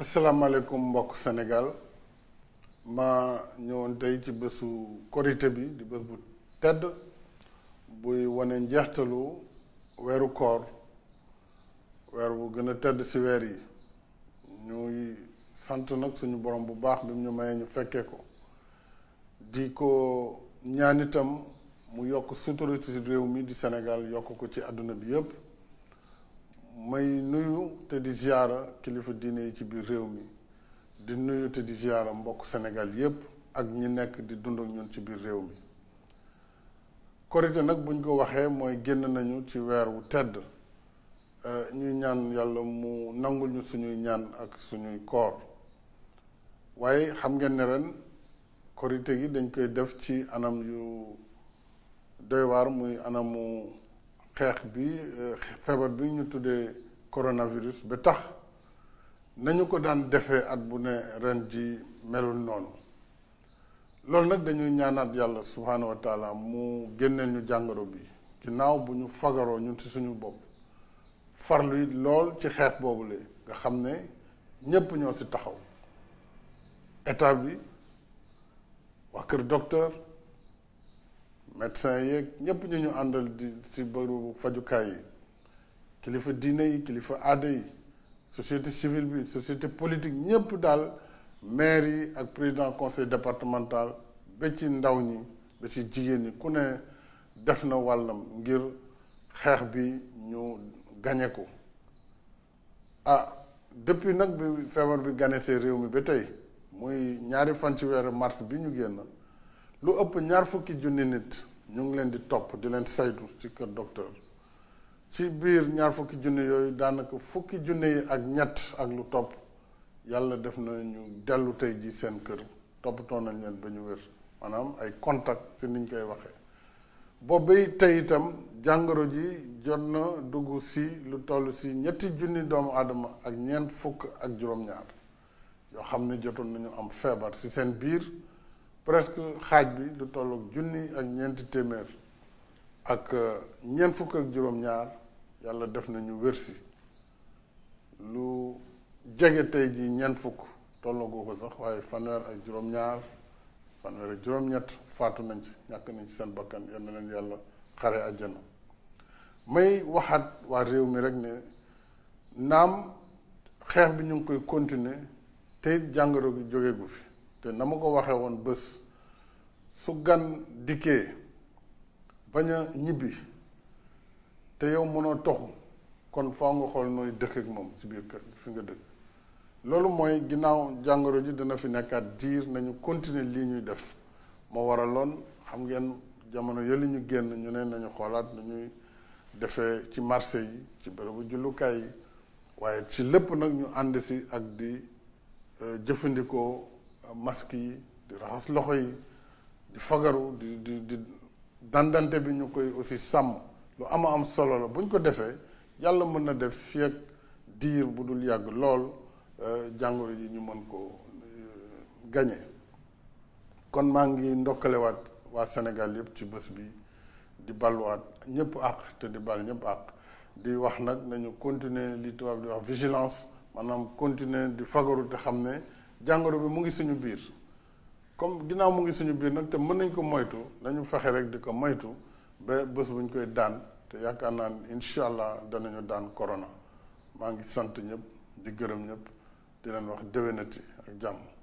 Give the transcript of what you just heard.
Assalamualaikum mbokk Senegal, ma ñewon tay ci bésu korité bi di bëss bu tedd buy wone njeextalu wéru koor wéru bu gëna tedd ci weer yi ñuy sant nak suñu borom bu baax bi ñu mayee ñu fekkee ko di ko ñaanitam mu yok suturu ci réew mi di Senegal yok ko ci aduna bi yépp may nuyu te di ziyaara kilifa diine yi ci biir réew mi di nuyu te di ziyaara mbokk senegal yépp ak ñi nekk di dund ak ñun ci biir réew mi korite nag buñ ko waxee mooy génn nañu ci weer wu tedd euh, ñuy ñaan yàlla mu nangul ñu suñuy ñaan ak suñuy koor waaye xam ngeen ne ren korite gi dañ koy def ci anam yu doy waar muy anamu xeex bi euh, feebar bi ñu tuddee coronavirus ba tax nañu ko daan defee at bu ne ren ji melul noonu loolu nag dañuy ñaanaat yàlla subhaanahu wa mu génneel ñu jàngoro bi ginnaaw bu ñu fagaroo ñu ci suñu bopp farlu it lool ci xeex boobu la nga xam ne ñépp ñoo ci taxaw état bi waa kër docteur médecin yeeg ñëpp ñu ñu àndal di si bërëbu fajukaay yi kilifa diine yi kilifa aada yi société civile bi société politique ñëpp daal maire ak président conseil départemental ba ci ndaw ñi ba ci jigéen ñi ku ne def na wàllam ngir xeex bi ñu gañe ko ah depuis nag bi feebar bi ganesee réew mi ba tey muy ñaari fan ci weeru mars bi ñu génn lu ëpp ñaar fukki junni nit ñu ngi leen di top di leen saytu ci kër docteur ci biir ñaar fukki junni yooyu daanaka fukki junni yi ak ñett ak lu topp yàlla def na ñu dellu tey ji seen kër toppatoo nañ leen ba ñu wér maanaam ay contact ci niñ koy waxee boobu tey itam jàngoro ji jot na dugg si lu toll si ñetti junni doomu aadama ak ñeent fukk ak juróom-ñaar yoo xam ne jotoon nañu am feebar si seen biir presque xaaj bi lu tolloog junni ak ñeenti téeméer ak euh, ñeent fukk ak juróom-ñaar yàlla def nañu wérsi lu jege tey ji ñeent fukk tollagoo ko sax waaye fanweer ak juróom-ñaar fanweer ak juróom-ñett faatu nañ ci ñàkk nañ ci seen bakkan yal na leen yàlla xare àjjana may waxaat waa réew mi rek ne naam xeex bi ñu ngi koy continuer te jàngoro bi jóge gu fi te na ma ko waxee woon bés su gan dikkee bañ a ñibbi te yow mënoo toxu kon faaw nga xool nooy dëkk ak moom ci biir kër fi nga dëkk loolu mooy ginnaaw jàngoro ji dana fi nekkaat diir nañu continuer lii ñuy def moo waraloon xam ngeen jamono yële ñu génn ñu ne nañu xoolaat nu ñuy defee ci marché yi ci bërëbu jullukaay yi waaye ci lépp nag ñu ànd si ak di euh, jëfandikoo masque yi di raxas loxo yi di fagaru di di di dandante bi ñu koy aussi sàmm lu ama am solo la buñ ko defee yàlla mën na def fii ak diir bu dul yàgg lool euh, jàngoro ji ñu mën ko euh, gañe kon maa ngi ndokkalewaat waa Sénégal yépp ci bés bi di balwaat ñëpp àq te di bal ñëpp àq di wax nag nañu continuer li tubaab di wax vigilance maanaam continuer di fagaru te xam ne jàngoro bi mu ngi suñu biir comme ginnaaw mu ngi suñu biir nag te mën nañ ko moytu nañu fexe rek di ko moytu ba bés bu ñu koy daan te yaakaar naa ne incha allah danañu daan corona maa ngi sant ñëpp di gërëm ñëpp di leen wax déwénati ak jàmm.